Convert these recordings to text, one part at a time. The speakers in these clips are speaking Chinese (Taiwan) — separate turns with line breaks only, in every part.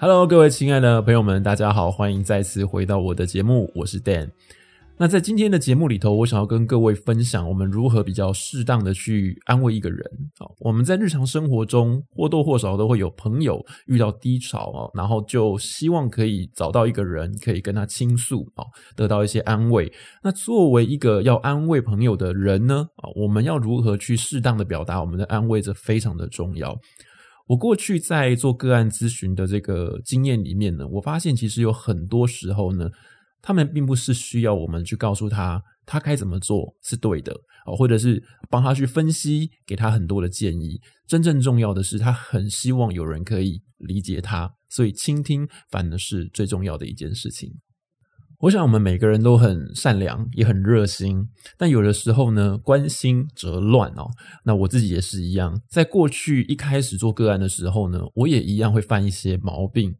Hello，各位親愛的朋友們，大家好，歡迎再次回到我的節目，我是 Dan。那在今天的節目裡頭，我想要跟各位分享我們如何比較適當的去安慰一個人啊。我們在日常生活中或多或少都會有朋友遇到低潮啊，然後就希望可以找到一個人可以跟他傾訴啊，得到一些安慰。那作為一個要安慰朋友的人呢啊，我們要如何去適當的表達我們的安慰，這非常的重要。我過去在做個案諮詢的這個經驗裡面呢，我發現其實有很多時候呢，他們並不是需要我們去告訴他他該怎麼做是對的，或者是幫他去分析，給他很多的建議。真正重要的是，他很希望有人可以理解他，所以傾聽反而是最重要的一件事情。我想，我們每個人都很善良，也很熱心，但有的時候呢，關心則亂哦。那我自己也是一樣，在過去一開始做個案的時候呢，我也一樣會犯一些毛病。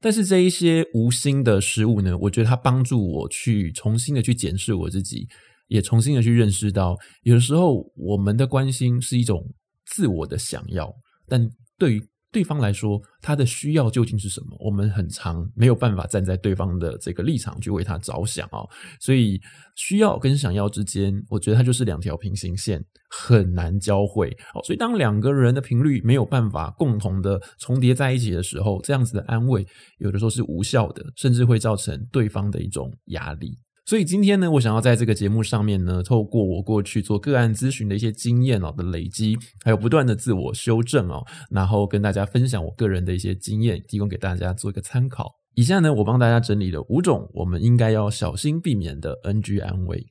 但是這一些無心的失誤呢，我覺得它幫助我去重新的去檢視我自己，也重新的去認識到，有的時候我們的關心是一種自我的想要，但對於。對方來說，他的需要究竟是什麼？我們很常沒有辦法站在對方的這個立場去為他着想啊，哦，所以需要跟想要之間，我覺得它就是兩條平行線，很難交匯。哦，所以當兩個人的頻率沒有辦法共同的重疊在一起的時候，這樣子的安慰，有的時候是無效的，甚至會造成對方的一種壓力。所以今天呢，我想要在這個節目上面呢，透過我過去做個案諮詢的一些經驗哦的累積，還有不斷的自我修正哦，然後跟大家分享我個人的一些經驗，提供給大家做一個參考。以下呢，我幫大家整理了五種我們應該要小心避免的 NG 安慰。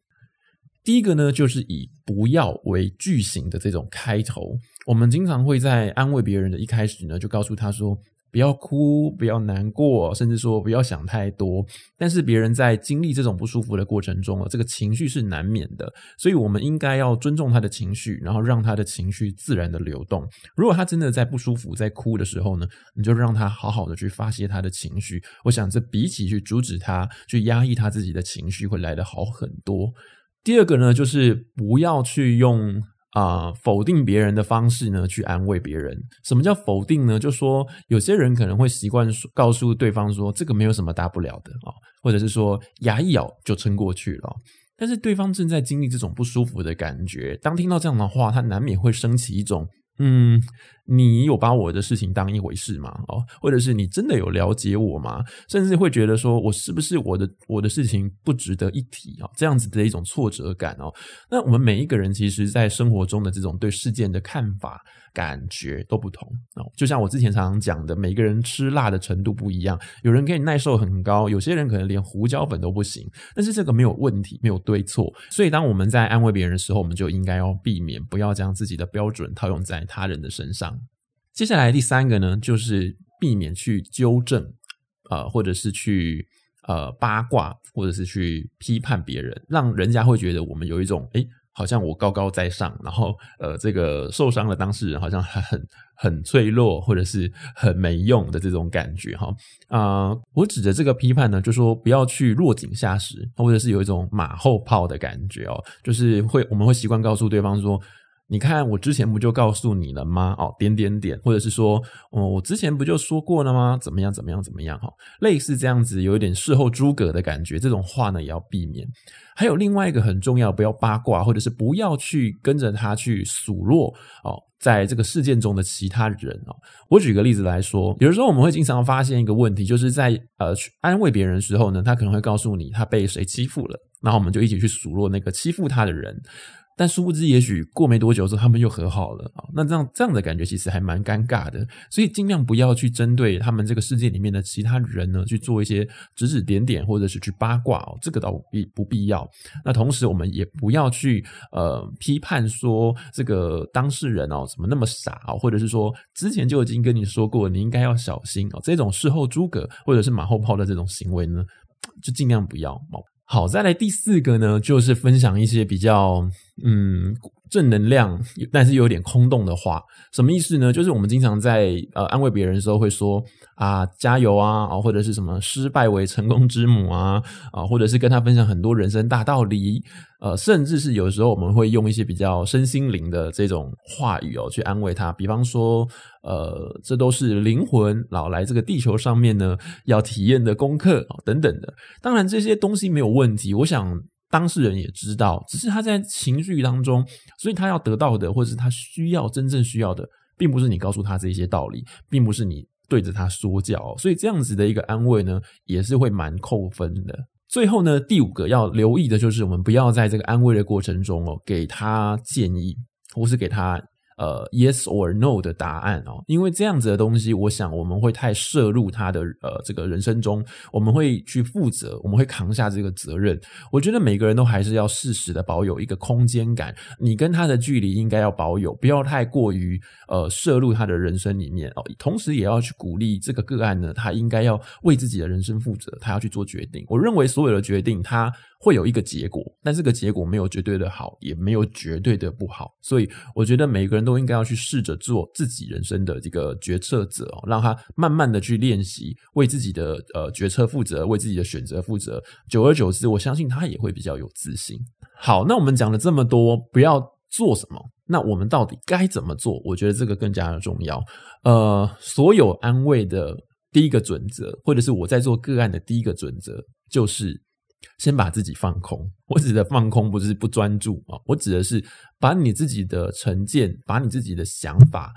第一個呢，就是以“不要”為句型的這種開頭，我們經常會在安慰別人的一開始呢，就告訴他說。不要哭，不要難過，甚至說不要想太多。但是別人在經歷這種不舒服的過程中，這個情緒是難免的，所以我們應該要尊重他的情緒，然後讓他的情緒自然的流動。如果他真的在不舒服、在哭的時候呢，你就讓他好好的去發洩他的情緒。我想這比起去阻止他、去壓抑他自己的情緒，會來得好很多。第二個呢，就是不要去用。啊、呃，否定別人的方式呢，去安慰別人。什麼叫否定呢？就說有些人可能會習慣說告訴對方說，這個沒有什麼大不了的啊、哦，或者是說牙一咬就撐過去了、哦。但是對方正在經歷這種不舒服的感覺，當聽到這樣的話，他難免會升起一種。嗯，你有把我的事情當一回事嗎？哦，或者是你真的有了解我嗎？甚至會覺得說，我是不是我的我的事情不值得一提哦，這樣子的一種挫折感哦。那我們每一個人其實在生活中的這種對事件的看法、感覺都不同哦。就像我之前常常講的，每個人吃辣的程度不一樣，有人可以耐受很高，有些人可能連胡椒粉都不行。但是這個沒有問題，沒有對錯。所以當我們在安慰別人的時候，我們就應該要避免不要將自己的標準套用在。他人的身上。接下來第三個呢，就是避免去糾正，啊、呃，或者是去呃八卦，或者是去批判別人，讓人家會覺得我們有一種誒，好像我高高在上，然後呃，這個受傷的當事人好像很很脆弱，或者是很沒用的這種感覺哈啊、哦呃。我指的這個批判呢，就是說不要去落井下石，或者是有一種馬後炮的感覺哦，就是會我們會習慣告訴對方說，你看，我之前不就告訴你了嗎？哦，點點點，或者是說，哦，我之前不就說過了嗎？怎麼樣，怎麼樣，怎麼樣哦？哈，類似這樣子，有一點事後諸葛的感覺，這種話呢也要避免。還有另外一個很重要，不要八卦，或者是不要去跟着他去數落哦，在這個事件中的其他人哦。我舉個例子來說，比如說我們會經常發現一個問題，就是在呃去安慰別人的時候呢，他可能會告訴你他被誰欺負了，然後我們就一起去數落那個欺負他的人。但殊不知，也許過沒多久之後，他們又和好了、喔、那這樣這樣的感覺其實還蠻尷尬的，所以盡量不要去針對他們這個世界裡面的其他人呢，去做一些指指點點或者是去八卦哦、喔，這個倒不必要。那同時我們也不要去呃批判說這個當事人哦、喔、怎麼那麼傻哦、喔，或者是說之前就已經跟你說過，你應該要小心哦、喔，這種事後諸葛或者是馬後炮的這種行為呢，就盡量不要哦。好，好，再來第四個呢，就是分享一些比較。嗯，正能量，但是又有點空洞的話，什麼意思呢？就是我們經常在呃安慰別人的時候會說啊，加油啊，或者是什麼失敗為成功之母啊，啊，或者是跟他分享很多人生大道理，呃，甚至是有時候我們會用一些比較身心靈的這種話語哦去安慰他，比方說，呃，這都是靈魂老來這個地球上面呢要體驗的功課，哦，等等的。當然這些東西沒有問題，我想。當事人也知道，只是他在情緒當中，所以他要得到的，或是他需要真正需要的，並不是你告訴他這些道理，並不是你對着他說教哦，所以這樣子的一個安慰呢，也是會蠻扣分的。最後呢，第五個要留意的就是，我們不要在這個安慰的過程中哦，給他建議，或是給他。呃，yes or no 的答案哦，因為這樣子的東西，我想我們會太涉入他的呃這個人生中，我們會去負責，我們會扛下這個責任。我覺得每個人都還是要適時的保有一個空間感，你跟他的距離應該要保有，不要太過於呃涉入他的人生裡面哦。同時也要去鼓勵這個個案呢，他應該要為自己的人生負責，他要去做決定。我認為所有的決定他。會有一個結果，但這個結果沒有絕對的好，也沒有絕對的不好，所以我覺得每個人都應該要去試着做自己人生的這個決策者，讓他慢慢的去練習，為自己的呃決策負責，為自己的選擇負責，久而久之，我相信他也會比較有自信。好，那我們講了這麼多，不要做什麼？那我們到底該怎麼做？我覺得這個更加的重要。呃，所有安慰的第一個準則，或者是我在做個案的第一個準則，就是。先把自己放空，我指的放空不是不專注啊，我指的是把你自己的成見、把你自己的想法，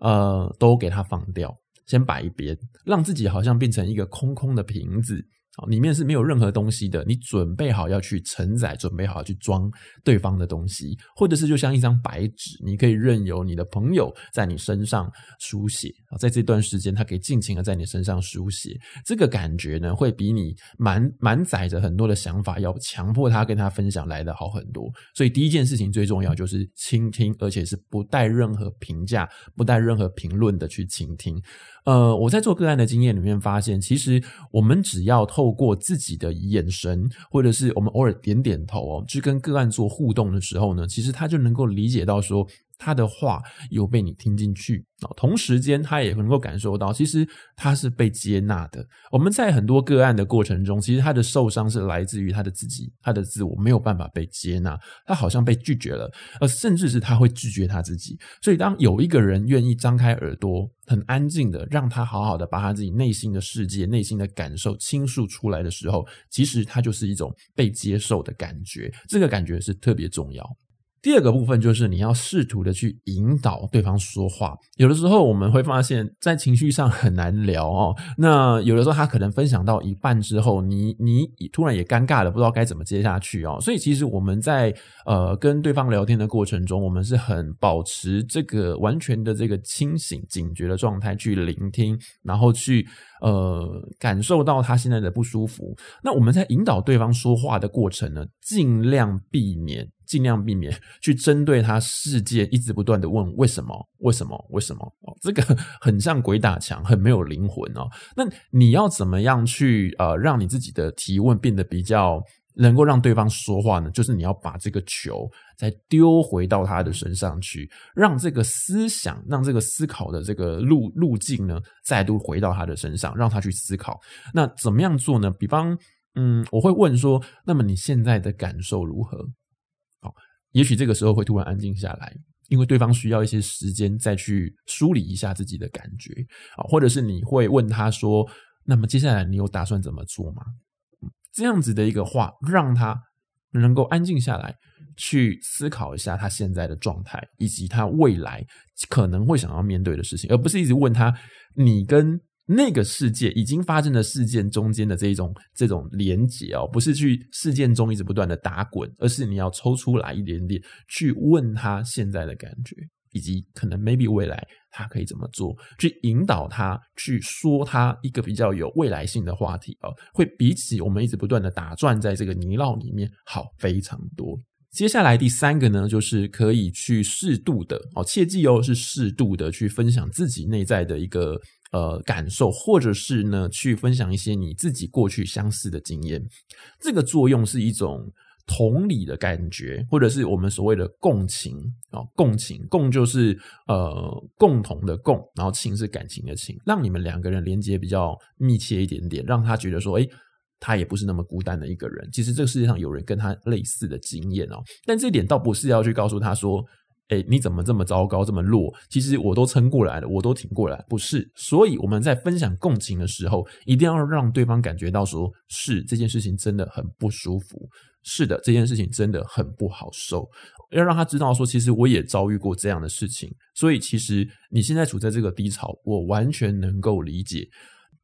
呃，都給它放掉，先擺一邊，讓自己好像變成一個空空的瓶子。裡面是沒有任何東西的，你準備好要去承載，準備好要去裝對方的東西，或者是就像一張白紙，你可以任由你的朋友在你身上書寫啊，在這段時間，他可以盡情的在你身上書寫。這個感覺呢，會比你滿滿載着很多的想法，要強迫他跟他分享來的好很多。所以第一件事情最重要就是傾聽，而且是不帶任何評價、不帶任何評論的去傾聽。呃，我在做個案的經驗裡面發現，其實我們只要透過。透過自己的眼神，或者是我們偶爾點點頭哦，去跟個案做互動的時候呢，其實他就能夠理解到說。他的話有被你聽進去，同時間他也能夠感受到，其實他是被接納的。我們在很多個案的過程中，其實他的受傷是來自於他的自己，他的自我沒有辦法被接納，他好像被拒絕了，呃，甚至是他會拒絕他自己。所以，當有一個人願意張開耳朵，很安靜的讓他好好的把他自己內心的世界、內心的感受傾訴出來的時候，其實他就是一種被接受的感覺，這個感覺是特別重要。第二個部分就是你要試圖的去引導對方說話。有的時候我們會發現，在情緒上很難聊哦。那有的時候他可能分享到一半之後，你你突然也尷尬了，不知道該怎麼接下去哦。所以其實我們在呃跟對方聊天的過程中，我們是很保持這個完全的這個清醒、警覺的狀態去聆聽，然後去呃感受到他現在的不舒服。那我們在引導對方說話的過程呢，儘量避免。盡量避免去針對他世界，一直不斷的問為什麼，為什麼，為什麼。這個很像鬼打牆，很沒有靈魂哦。那你要怎麼樣去呃，讓你自己的提問變得比較能夠讓對方說話呢？就是你要把這個球再丟回到他的身上去，讓這個思想，讓這個思考的這個路路徑呢，再度回到他的身上，讓他去思考。那怎麼樣做呢？比方，嗯，我會問說，那麼你現在的感受如何？也許這個時候會突然安靜下來，因為對方需要一些時間再去梳理一下自己的感覺啊，或者是你會問他說：“那麼接下來你有打算怎麼做嗎？”這樣子的一個話，讓他能夠安靜下來，去思考一下他現在的狀態，以及他未來可能會想要面對的事情，而不是一直問他，你跟……那個世界已經發生的事件中間的這一種這種連結哦、喔，不是去事件中一直不斷的打滾，而是你要抽出來一點點去問他現在的感覺，以及可能 maybe 未來他可以怎麼做，去引導他去說他一個比較有未來性的話題哦、喔，會比起我們一直不斷的打轉在這個泥淖裡面好非常多。接下來第三個呢，就是可以去適度的哦、喔，切記哦、喔，是適度的去分享自己內在的一個。呃，感受，或者是呢，去分享一些你自己過去相似的經驗，這個作用是一種同理的感覺，或者是我們所謂的共情，哦，共情，共就是，呃，共同的共，然後情是感情的情，讓你們兩個人連接比較密切一點點，讓他覺得說，誒，他也不是那麼孤單的一個人，其實這個世界上有人跟他類似的經驗哦，但這一點倒不是要去告訴他說。哎，你怎麼這麼糟糕，這麼弱？其實我都撐過來了，我都挺過來，不是？所以我們在分享共情的時候，一定要讓對方感覺到說，說是這件事情真的很不舒服，是的，這件事情真的很不好受。要讓他知道說，說其實我也遭遇過這樣的事情。所以其實你現在處在這個低潮，我完全能夠理解。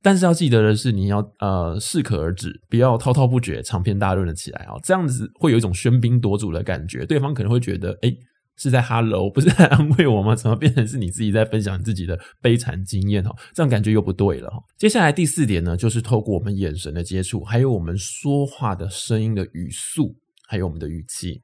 但是要記得的是，你要呃適可而止，不要滔滔不絕、長篇大論了起來啊、哦，這樣子會有一種喧賓奪主的感覺，對方可能會覺得哎。誒是在 Hello，不是在安慰我嗎？怎麼變成是你自己在分享自己的悲慘經驗哦？這樣感覺又不對了。接下來第四點呢，就是透過我們眼神的接觸，還有我們說話的聲音的語速，還有我們的語氣，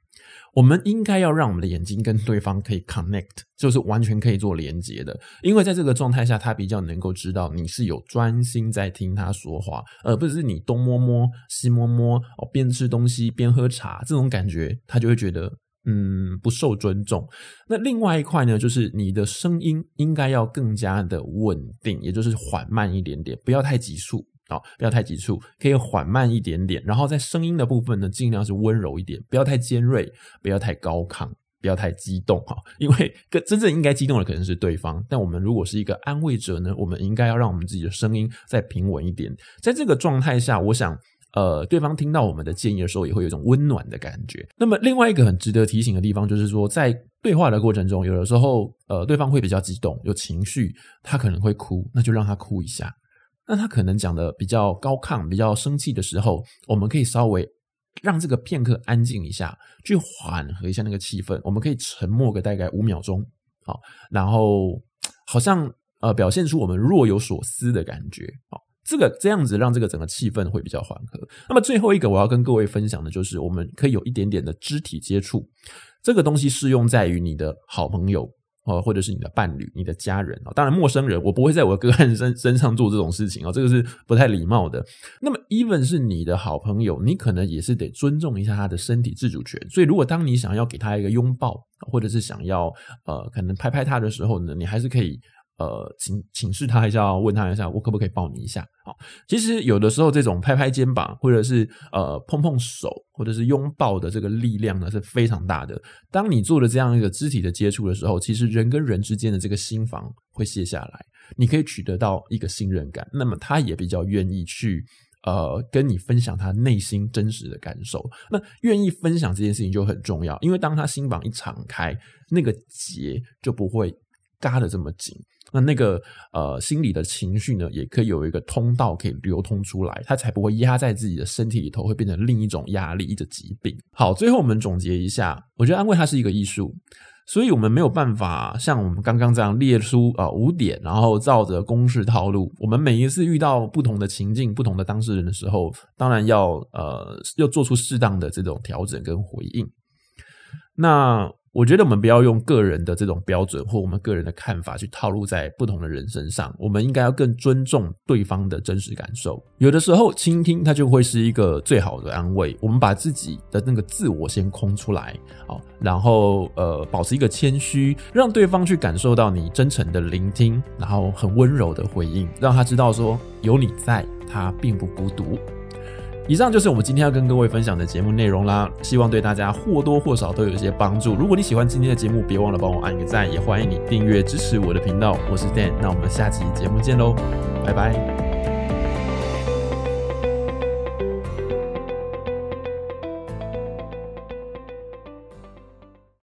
我們應該要讓我們的眼睛跟對方可以 connect，就是完全可以做連接的。因為在這個狀態下，他比較能夠知道你是有專心在聽他說話，而、呃、不是你東摸摸西摸摸哦，邊吃東西邊喝茶這種感覺，他就會覺得。嗯，不受尊重。那另外一塊呢，就是你的聲音應該要更加的穩定，也就是緩慢一點點，不要太急促啊、哦，不要太急促，可以緩慢一點點。然後在聲音的部分呢，盡量是溫柔一點，不要太尖銳，不要太高亢，不要太激動哈、哦。因為真正應該激動的可能是對方，但我們如果是一個安慰者呢，我們應該要讓我們自己的聲音再平穩一點。在這個狀態下，我想。呃，對方聽到我們的建議的時候，也會有一種溫暖的感覺。那麼，另外一個很值得提醒的地方，就是說，在對話的過程中，有的時候，呃，對方會比較激動，有情緒，他可能會哭，那就讓他哭一下。那他可能講的比較高亢、比較生氣的時候，我們可以稍微讓這個片刻安靜一下，去緩和一下那個氣氛。我們可以沉默個大概五秒鐘，好，然後好像呃，表現出我們若有所思的感覺。這個這樣子讓這個整個氣氛會比較緩和。那麼最後一個我要跟各位分享的就是，我們可以有一點點的肢體接觸。這個東西適用在於你的好朋友，或者是你的伴侶、你的家人。當然，陌生人我不會在我的個案身上做這種事情啊，這個是不太禮貌的。那麼，even 是你的好朋友，你可能也是得尊重一下他的身體自主權。所以，如果當你想要給他一個擁抱，或者是想要呃可能拍拍他的時候呢，你還是可以。呃，請請示他一下，問他一下，我可不可以抱你一下？好，其實有的時候這種拍拍肩膀，或者是呃碰碰手，或者是擁抱的這個力量呢，是非常大的。當你做了這樣一個肢體的接觸的時候，其實人跟人之間的這個心防會卸下來，你可以取得到一個信任感。那麼他也比較願意去呃跟你分享他內心真實的感受。那願意分享這件事情就很重要，因為當他心防一敞開，那個結就不會扎得這麼緊。那那個呃，心理的情緒呢，也可以有一個通道，可以流通出來，它才不會壓在自己的身體裡頭，會變成另一種壓力、一種疾病。好，最後我們總結一下，我覺得安慰它是一個藝術，所以我們沒有辦法像我們剛剛這樣列出啊、呃、五點，然後照着公式套路。我們每一次遇到不同的情境、不同的當事人的時候，當然要呃，要做出適當的這種調整跟回應。那。我覺得我們不要用個人的這種標準或我們個人的看法去套路在不同的人身上，我們應該要更尊重對方的真實感受。有的時候傾聽，它就會是一個最好的安慰。我們把自己的那個自我先空出來，好，然後呃，保持一個謙虛，讓對方去感受到你真誠的聆聽，然後很溫柔的回應，讓他知道說，有你在，他並不孤獨。以上就是我們今天要跟各位分享的節目內容啦，希望對大家或多或少都有一些幫助。如果你喜歡今天的節目，別忘了幫我按個讚，也歡迎你訂閱支持我的頻道。我是 Dan，那我們下期節目見嘍，拜拜。